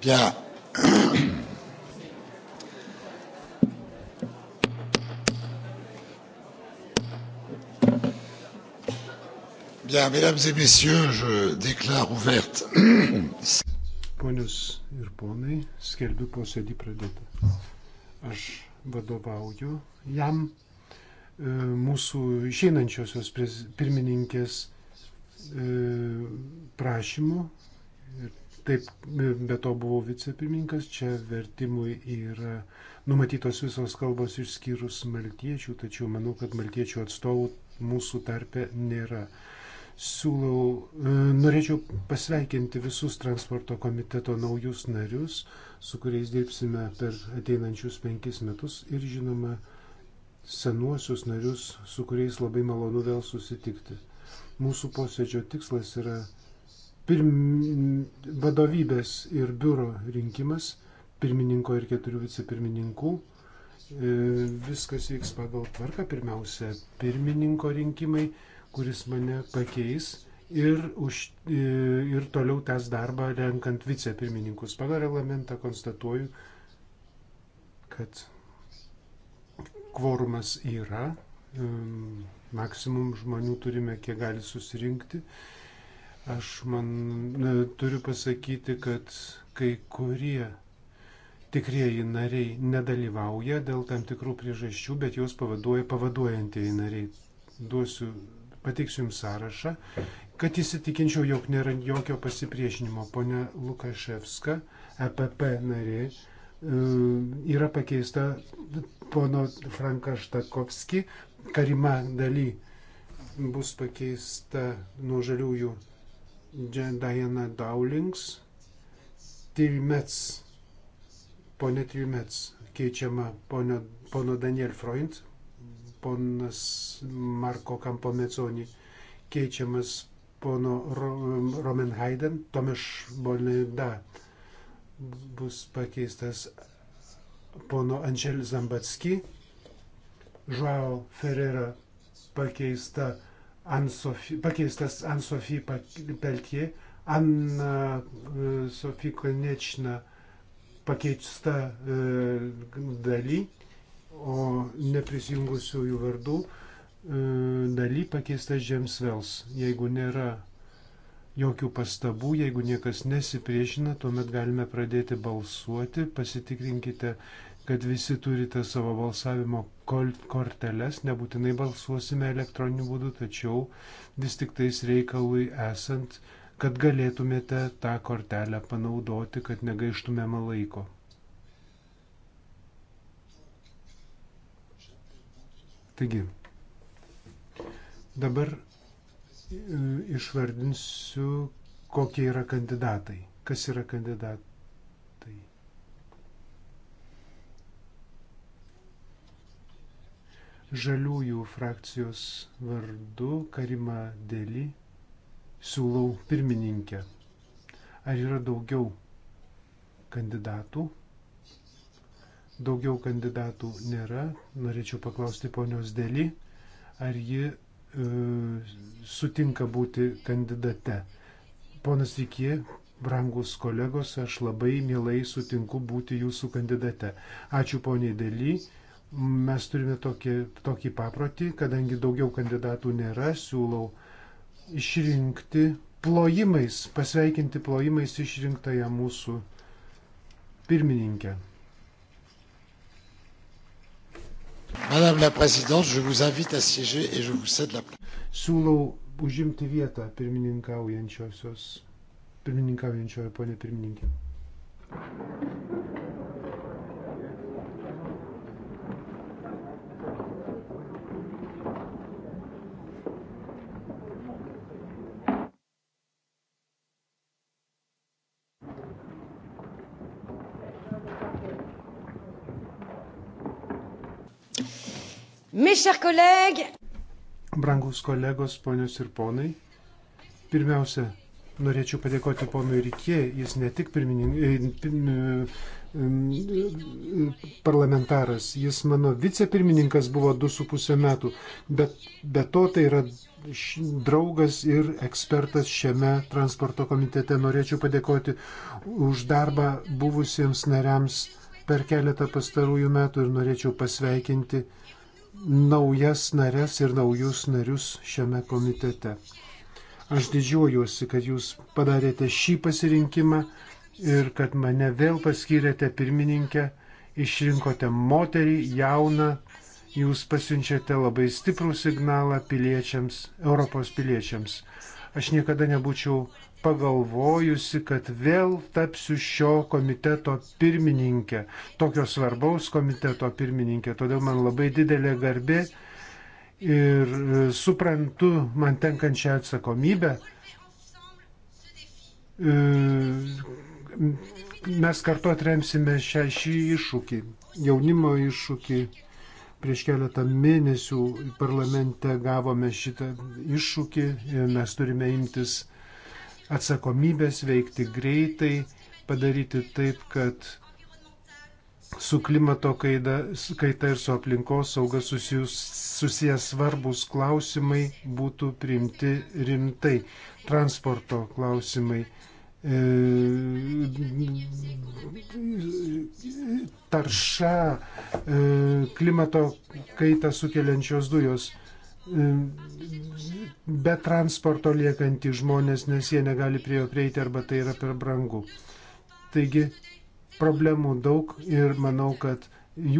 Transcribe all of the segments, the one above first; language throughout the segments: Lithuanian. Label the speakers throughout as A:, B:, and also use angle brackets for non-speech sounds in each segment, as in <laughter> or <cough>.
A: Bien. Bien, mesdames et messieurs, je déclare ouverte. Ponius ir ponai, skelbiu posėdį pradėtą. Aš vadovauju jam e, mūsų išeinančiosios pirmininkės e, prašymu ir Taip, be to buvau vicepirmininkas, čia vertimui yra numatytos visos kalbos išskyrus maltiečių, tačiau manau, kad maltiečių atstovų mūsų tarpe nėra. Siūlau, e, norėčiau pasveikinti visus transporto komiteto naujus narius, su kuriais dirbsime per ateinančius penkis metus ir žinoma senuosius narius, su kuriais labai malonu vėl susitikti. Mūsų posėdžio tikslas yra pirm, vadovybės ir biuro rinkimas, pirmininko ir keturių vicepirmininkų. E, viskas vyks pagal tvarką. Pirmiausia, pirmininko rinkimai, kuris mane pakeis ir, už, e, ir toliau tęs darbą renkant vicepirmininkus. Pagal reglamentą konstatuoju, kad kvorumas yra, maksimum žmonių turime, kiek gali susirinkti. Aš man na, turiu pasakyti, kad kai kurie tikrieji nariai nedalyvauja dėl tam tikrų priežasčių, bet juos pavaduoja pavaduojantieji nariai. Duosiu, pateiksiu jums sąrašą, kad įsitikinčiau, jog nėra jokio pasipriešinimo. Pone Lukaševska, EPP narė, e, yra pakeista pono Franka Štakovski, Karima daly bus pakeista nuo žaliųjų Diana Dowlings, Trimets, ponė Trimets keičiama ponio, pono Daniel Freund, ponas Marko Kampomeconi keičiamas pono Roman Hayden, Tomeš Bolneda bus pakeistas pono Ančel Zambatski, Žuao Ferrera pakeista Ansofi, pakeistas Ansofi Peltie, Anna Sofi Konečna pakeista e, daly, o neprisijungusiųjų vardų e, daly pakeista James Wells. Jeigu nėra jokių pastabų, jeigu niekas nesipriešina, tuomet galime pradėti balsuoti. Pasitikrinkite kad visi turite savo balsavimo korteles, nebūtinai balsuosime elektroniniu būdu, tačiau vis tik tais reikalui esant, kad galėtumėte tą kortelę panaudoti, kad negaištumėme laiko. Taigi, dabar e, išvardinsiu, kokie yra kandidatai. Kas yra kandidatai? žaliųjų frakcijos vardu Karima Deli siūlau pirmininkę. Ar yra daugiau kandidatų? Daugiau kandidatų nėra. Norėčiau paklausti ponios Deli, ar ji e, sutinka būti kandidate. Ponas Vikie, brangus kolegos, aš labai mielai sutinku būti jūsų kandidate. Ačiū poniai Deli Mes turime tokį, tokį paprotį, kadangi daugiau kandidatų nėra, siūlau išrinkti plojimais, pasveikinti plojimais išrinktąją mūsų pirmininkę. Madame la Présidente, je vous invite à siéger et je vous cède la place. Siūlau užimti vietą pirmininkaujančiosios, pirmininkaujančiojo ponė pirmininkė. Brangus kolegos, ponios ir ponai, pirmiausia, norėčiau padėkoti ponui Rikė, jis ne tik pirmininkas, e, e, e, parlamentaras, jis mano vicepirmininkas buvo du su pusę metų, bet be to tai yra draugas ir ekspertas šiame transporto komitete. Norėčiau padėkoti už darbą buvusiems nariams per keletą pastarųjų metų ir norėčiau pasveikinti uh, naujas narės ir naujus narius šiame komitete. Aš didžiuojuosi, kad jūs padarėte šį pasirinkimą ir kad mane vėl paskyrėte pirmininkę, išrinkote moterį, jauną, jūs pasiunčiate labai stiprų signalą piliečiams, Europos piliečiams. Aš niekada nebūčiau pagalvojusi, kad vėl tapsiu šio komiteto pirmininkė, tokio svarbaus komiteto pirmininkė. Todėl man labai didelė garbė ir e, suprantu man tenkančią atsakomybę. E, mes kartu atremsime šią, šį iššūkį, jaunimo iššūkį Prieš keletą mėnesių parlamente gavome šitą iššūkį ir mes turime imtis atsakomybės, veikti greitai, padaryti taip, kad su klimato kaida, kaita ir su aplinkos sauga susijęs svarbus klausimai būtų priimti rimtai. Transporto klausimai E, tarša, e, klimato kaitą sukeliančios dujos e, be transporto liekantys žmonės, nes jie negali prie jo prieiti arba tai yra per brangu. Taigi problemų daug ir manau, kad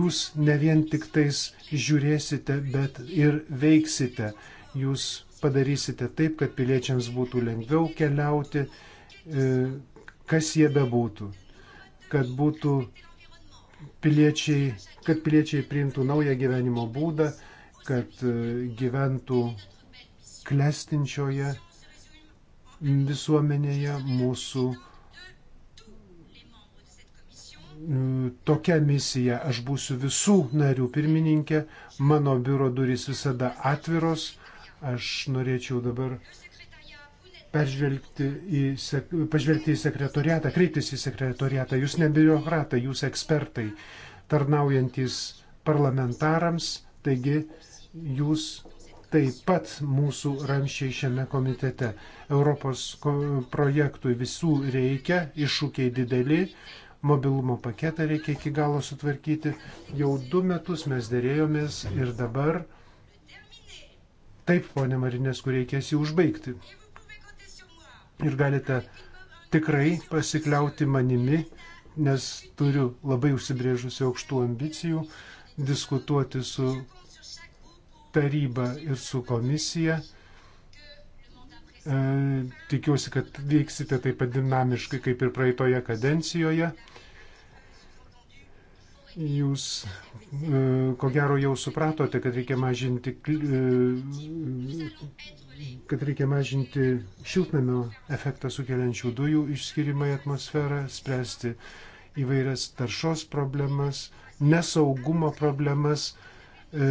A: jūs ne vien tik tais žiūrėsite, bet ir veiksite. Jūs padarysite taip, kad piliečiams būtų lengviau keliauti, E, kas jie bebūtų, kad būtų piliečiai, kad piliečiai priimtų naują gyvenimo būdą, kad e, gyventų klestinčioje visuomenėje mūsų tokia misija. Aš būsiu visų narių pirmininkė, mano biuro durys visada atviros. Aš norėčiau dabar peržvelgti į, sek, pažvelgti į sekretoriatą, kreiptis į sekretoriatą. Jūs ne biurokratai, jūs ekspertai, tarnaujantis parlamentarams, taigi jūs taip pat mūsų ramščiai šiame komitete. Europos projektui visų reikia, iššūkiai dideli, mobilumo paketą reikia iki galo sutvarkyti. Jau du metus mes dėrėjomės ir dabar. Taip, ponė Marinės, kur reikės jį užbaigti ir galite tikrai pasikliauti manimi, nes turiu labai užsibrėžusi aukštų ambicijų diskutuoti su taryba ir su komisija. E, tikiuosi, kad veiksite taip pat dinamiškai kaip ir praeitoje kadencijoje. Jūs e, ko gero jau supratote, kad reikia mažinti, e, kad reikia mažinti šiltnamio efektą sukeliančių dujų išskirimą į atmosferą, spręsti įvairias taršos problemas, nesaugumo problemas. E,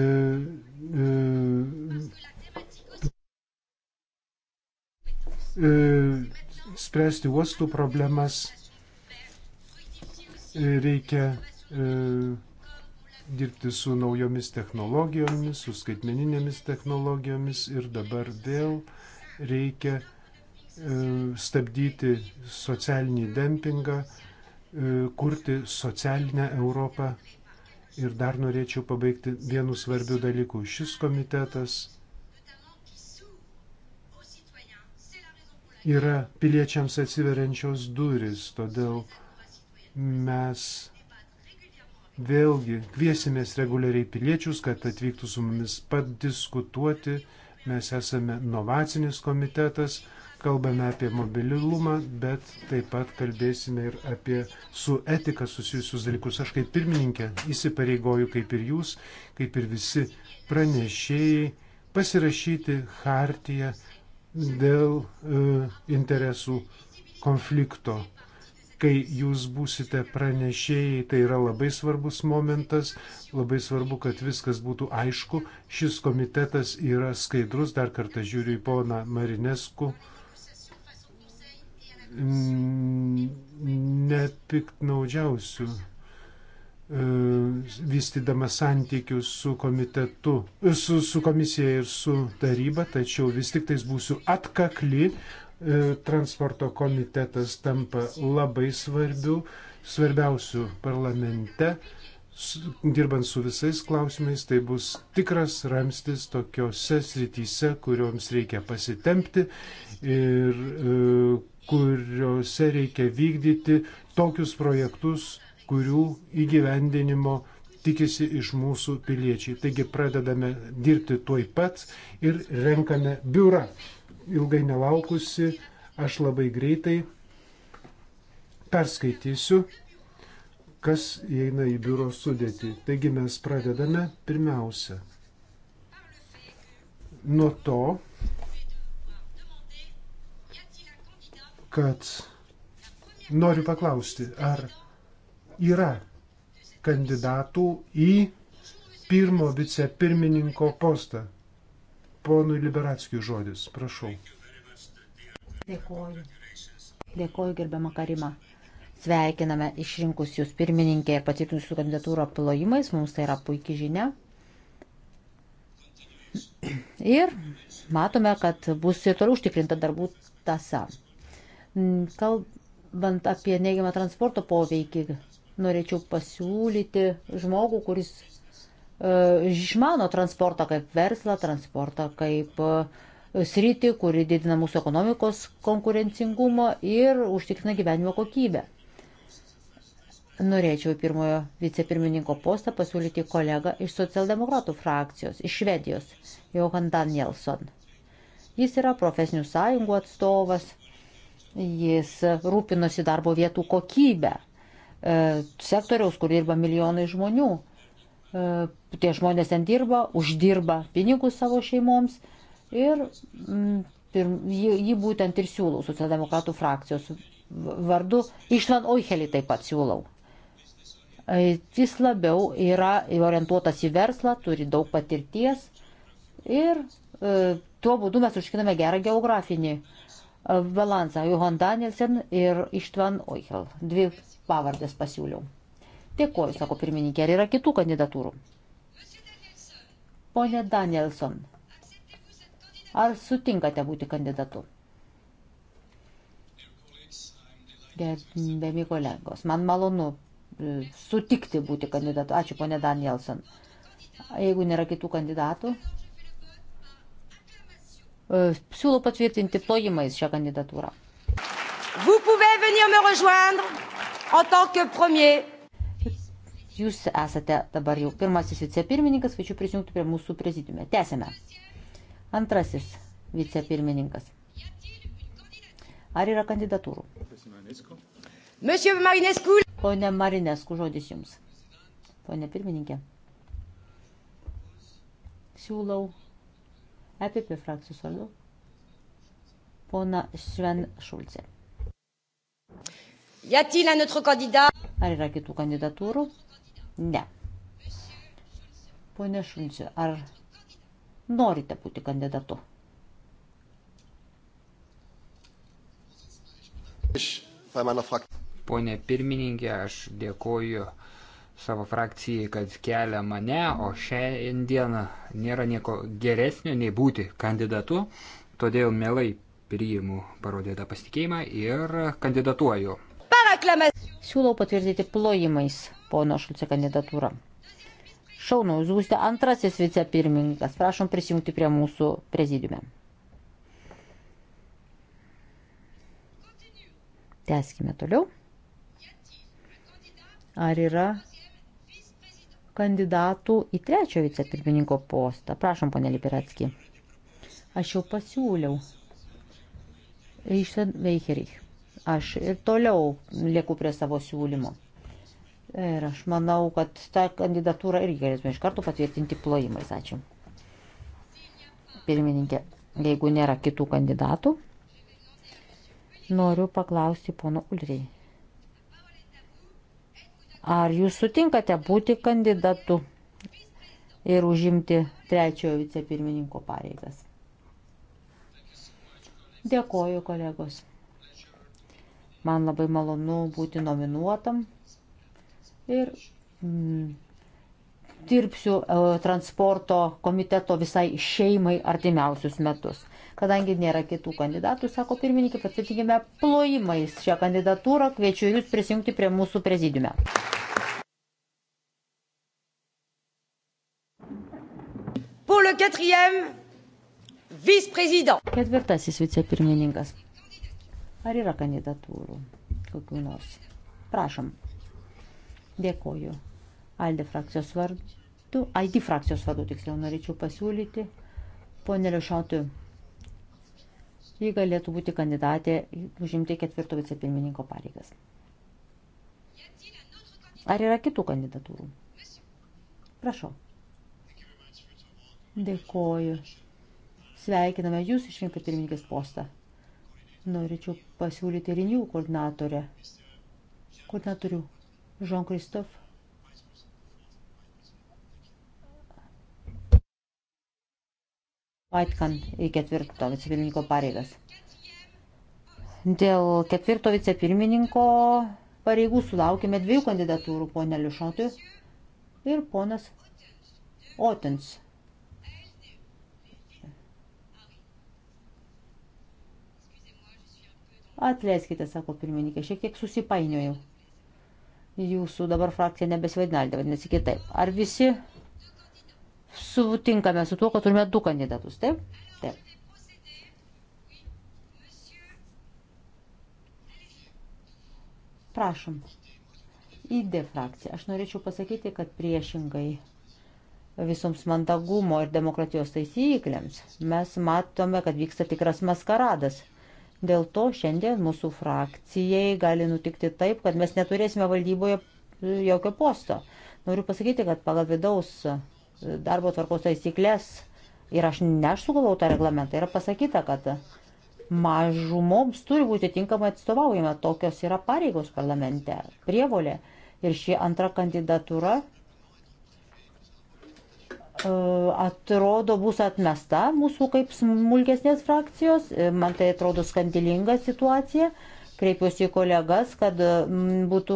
A: spręsti uostų problemas reikia E, dirbti su naujomis technologijomis, su skaitmeninėmis technologijomis ir dabar vėl reikia e, stabdyti socialinį dempingą, e, kurti socialinę Europą. Ir dar norėčiau pabaigti vienu svarbiu dalyku. Šis komitetas yra piliečiams atsiveriančios duris, todėl mes Vėlgi kviesimės reguliariai piliečius, kad atvyktų su mumis padiskutuoti. Mes esame novacinis komitetas, kalbame apie mobilumą, bet taip pat kalbėsime ir apie su etika susijusius dalykus. Aš kaip pirmininkė įsipareigoju, kaip ir jūs, kaip ir visi pranešėjai, pasirašyti hartiją dėl e, interesų konflikto kai jūs būsite pranešėjai, tai yra labai svarbus momentas, labai svarbu, kad viskas būtų aišku. Šis komitetas yra skaidrus, dar kartą žiūriu į poną Marinesku. Nepiktnaudžiausių e, vystydamas santykius su komitetu, e, su, su komisija ir su taryba, tačiau vis tik tais būsiu atkakli, E, transporto komitetas tampa labai svarbiu, svarbiausiu parlamente, dirbant su visais klausimais, tai bus tikras ramstis tokiose srityse, kurioms reikia pasitempti ir e, kuriuose reikia vykdyti tokius projektus, kurių įgyvendinimo tikisi iš mūsų piliečiai. Taigi pradedame dirbti tuoj pat ir renkame biurą ilgai nelaukusi, aš labai greitai perskaitysiu, kas įeina į biuro sudėtį. Taigi mes pradedame pirmiausia nuo to, kad noriu paklausti, ar yra kandidatų į pirmo vicepirmininko postą. Ponui Liberatskijui žodis, prašau.
B: Dėkuoju. Dėkuoju, gerbiama Karima. Sveikiname išrinkus jūs pirmininkę ir patvirtinus jūsų kandidatūrą plojimais, mums tai yra puikia žinia. Ir matome, kad bus ir toliau užtikrinta darbų tasa. Kalbant apie neigiamą transporto poveikį, norėčiau pasiūlyti žmogų, kuris E, išmano transportą kaip verslą, transportą kaip e, sritį, kuri didina mūsų ekonomikos konkurencingumą ir užtikrina gyvenimo kokybę. Norėčiau pirmojo vicepirmininko postą pasiūlyti kolegą iš socialdemokratų frakcijos, iš Švedijos, Johan Danielson. Jis yra profesinių sąjungų atstovas, jis rūpinosi darbo vietų kokybę, e, sektoriaus, kur dirba milijonai žmonių. E, tie žmonės ten dirba, uždirba pinigus savo šeimoms ir jį, mm, jį būtent ir siūlau socialdemokratų frakcijos vardu. Išlan Oichelį taip pat siūlau. E, jis labiau yra orientuotas į verslą, turi daug patirties ir e, tuo būdu mes užkiname gerą geografinį e, balansą. Johan Danielsen ir Ištvan Oichel. Dvi pavardės pasiūliau. Dėkuoju, sako pirmininkė. Ar yra kitų kandidatūrų? Pone Danielson, ar sutinkate būti kandidatu? Gerbėmi kolegos, man malonu e, sutikti būti kandidatu. Ačiū, ponė Danielson. Jeigu nėra kitų kandidatų, e, siūlau patvirtinti plojimais šią kandidatūrą. Vous pouvez venir me rejoindre en tant que premier Jūs esate dabar jau pirmasis vicepirmininkas, kviečiu prisijungti prie mūsų prezidiume. Tęsime. Antrasis vicepirmininkas. Ar yra kandidatūrų? Pone Marinesku, žodis jums. Pone pirmininkė. Siūlau EPP frakcijos vardu. Pona Sven Šulce. Ar yra kitų kandidatūrų? Ne. Pone Šulciu, ar norite būti kandidatu? Pone pirmininkė, aš dėkoju savo frakcijai, kad kelia mane, o šiandieną nėra nieko geresnio nei būti kandidatu, todėl mielai priimu parodytą pasitikėjimą ir kandidatuoju. Siūlau patvirtinti plojimais pono Šulce kandidatūrą. Šaunau, jūs būsite antrasis vicepirmininkas. Prašom prisijungti prie mūsų prezidiume. Teskime toliau. Ar yra kandidatų į trečio vicepirmininko postą? Prašom, ponė Lipiratski. Aš jau pasiūliau. Išsen Veicherich. Aš ir toliau lieku prie savo siūlymo. Ir aš manau, kad tą kandidatūrą irgi galėtume iš karto patvirtinti plojimais. Ačiū. Pirmininkė, jeigu nėra kitų kandidatų, noriu paklausti pono Ulrijai. Ar jūs sutinkate būti kandidatu ir užimti trečiojo vicepirmininko pareigas? Dėkoju, kolegos. Man labai malonu būti nominuotam ir mm, dirbsiu e, transporto komiteto visai šeimai artimiausius metus. Kadangi nėra kitų kandidatų, sako pirmininkė, patvirtinkime plojimais šią kandidatūrą, kviečiu jūs prisijungti prie mūsų prezidiume. Pour le quatrième vice-président. Ketvirtasis vicepirmininkas. Ar yra kandidatūrų kokių nors? Prašom. Dėkoju. Aldi frakcijos vardu, ID frakcijos vardu tiksliau norėčiau pasiūlyti. Pone Liušautui, ji galėtų būti kandidatė užimti ketvirto vicepirmininko pareigas. Ar yra kitų kandidatūrų? Prašau. Dėkoju. Sveikiname jūs išrinkę pirmininkės postą norėčiau pasiūlyti rinių koordinatorę. Koordinatorių Jean-Christophe. Vaitkan į ketvirto vicepirmininko pareigas. Dėl ketvirto vicepirmininko pareigų sulaukime dviejų kandidatūrų, ponė Liušotui ir ponas Otins. Atleiskite, sako pirmininkė, šiek tiek susipainiojau. Jūsų dabar frakcija nebesvaidinaldė, vadinasi kitaip. Ar visi sutinkame su tuo, kad turime du kandidatus, taip? Taip. Prašom. ID frakcija. Aš norėčiau pasakyti, kad priešingai visoms mandagumo ir demokratijos taisyklėms mes matome, kad vyksta tikras maskaradas – Dėl to šiandien mūsų frakcijai gali nutikti taip, kad mes neturėsime valdyboje jokio posto. Noriu pasakyti, kad pagal vidaus darbo tvarkos taisyklės ir aš nesugalau tą reglamentą, yra pasakyta, kad mažumoms turi būti tinkamai atstovaujama, tokios yra pareigos parlamente, prievolė. Ir ši antra kandidatūra E, atrodo bus atmesta mūsų kaip smulkesnės frakcijos. E, man tai atrodo skandalinga situacija. Kreipiuosi į kolegas, kad būtų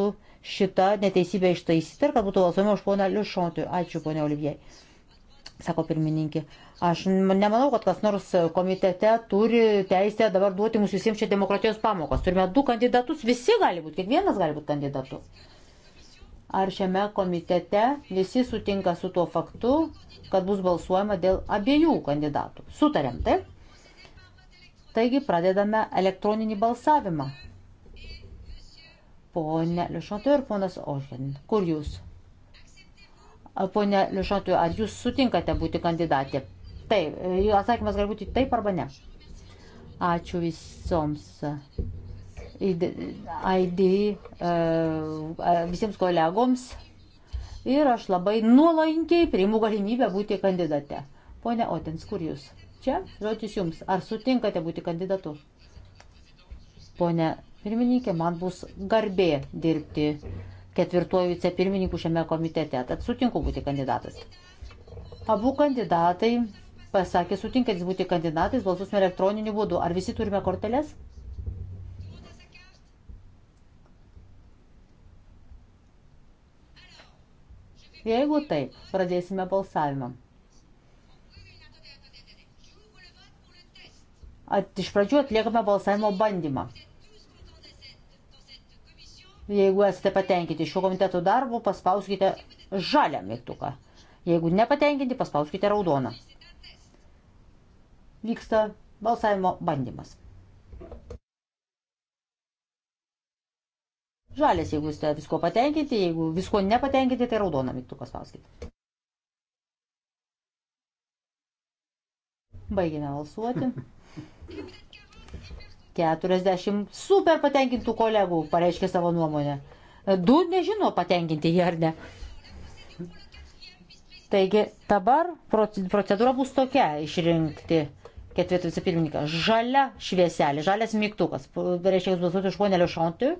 B: šita neteisybė ištaisyta ir kad būtų balsuojama už poną Liušontį. Ačiū, ponia Olivijai. Sako pirmininkė. Aš nemanau, kad kas nors komitete turi teisę dabar duoti mums visiems čia demokratijos pamokas. Turime du kandidatus, visi gali būti, kiekvienas gali būti kandidatu ar šiame komitete visi sutinka su tuo faktu, kad bus balsuojama dėl abiejų kandidatų. Sutarėm, taip? Taigi pradedame elektroninį balsavimą. Pone Liušotu ir ponas Ožin, kur jūs? Pone Liušotu, ar jūs sutinkate būti kandidatė? Taip, e, atsakymas gali būti taip arba ne. Ačiū visoms. ID e, visiems kolegoms ir aš labai nuolankiai priimu galimybę būti kandidate. Pone Otins, kur jūs? Čia, žodžius jums, ar sutinkate būti kandidatu? Pone pirmininkė, man bus garbė dirbti ketvirtuoju vicepirmininku šiame komitete, tad sutinku būti kandidatas. Abu kandidatai pasakė sutinkantis būti kandidatais, balsusime elektroniniu būdu. Ar visi turime korteles? Jeigu taip, pradėsime balsavimą. At, iš pradžių atliekame balsavimo bandymą. Jeigu esate patenkinti šio komiteto darbu, paspauskite žalią mygtuką. Jeigu nepatenkinti, paspauskite raudoną. Vyksta balsavimo bandymas. žalias, jeigu jūs visko patenkinti, jeigu visko nepatenkinti, tai raudoną mygtuką spauskite. Baigėme valsuoti. 40 <laughs> super patenkintų kolegų pareiškė savo nuomonę. Du nežino patenkinti jį ar ne. Taigi dabar procedūra bus tokia išrinkti ketvirtą vicepirmininką. Žalia švieselė, žalias mygtukas. Reiškia, jūs balsuoti už ponelio Šantį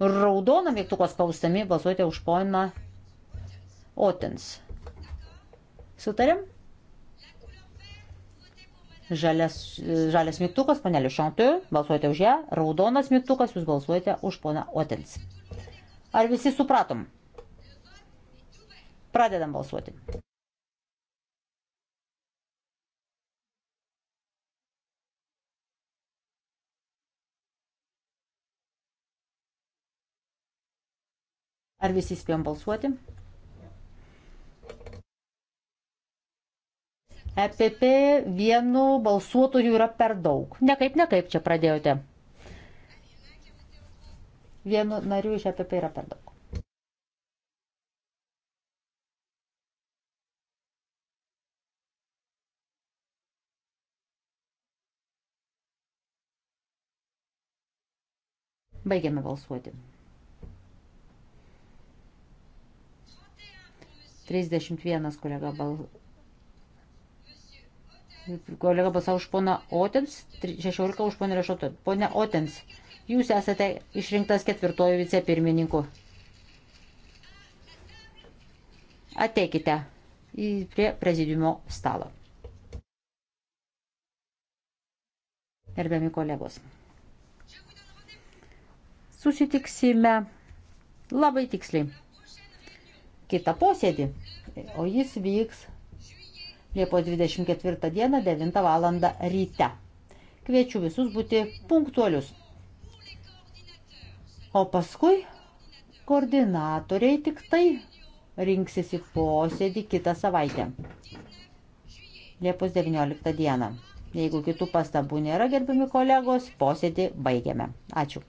B: raudoną mygtuką spaustami balsuojate už poną Otins. Sutarėm? Žalias, žalias mygtukas, panelį Šantė, balsuojate už ją, raudonas mygtukas, jūs balsuojate už poną Otins. Ar visi supratom? Pradedam balsuoti. Ar visi spėjom balsuoti? EPP vienu balsuotojų yra per daug. Nekaip, nekaip čia pradėjote. Vienu nariu iš EPP yra per daug. Baigiame balsuoti. 31 kolega bal. Kolega balsavo už poną Otens, 16 už poną Rešotą. Pone Otens, jūs esate išrinktas ketvirtojų vicepirmininku. Ateikite prie prezidiumo stalo. Gerbiami kolegos. Susitiksime labai tiksliai kitą posėdį, o jis vyks Liepo 24 dieną 9 val. ryte. Kviečiu visus būti punktualius. O paskui koordinatoriai tik tai rinksis į posėdį kitą savaitę. Liepos 19 dieną. Jeigu kitų pastabų nėra, gerbiami kolegos, posėdį baigiame. Ačiū.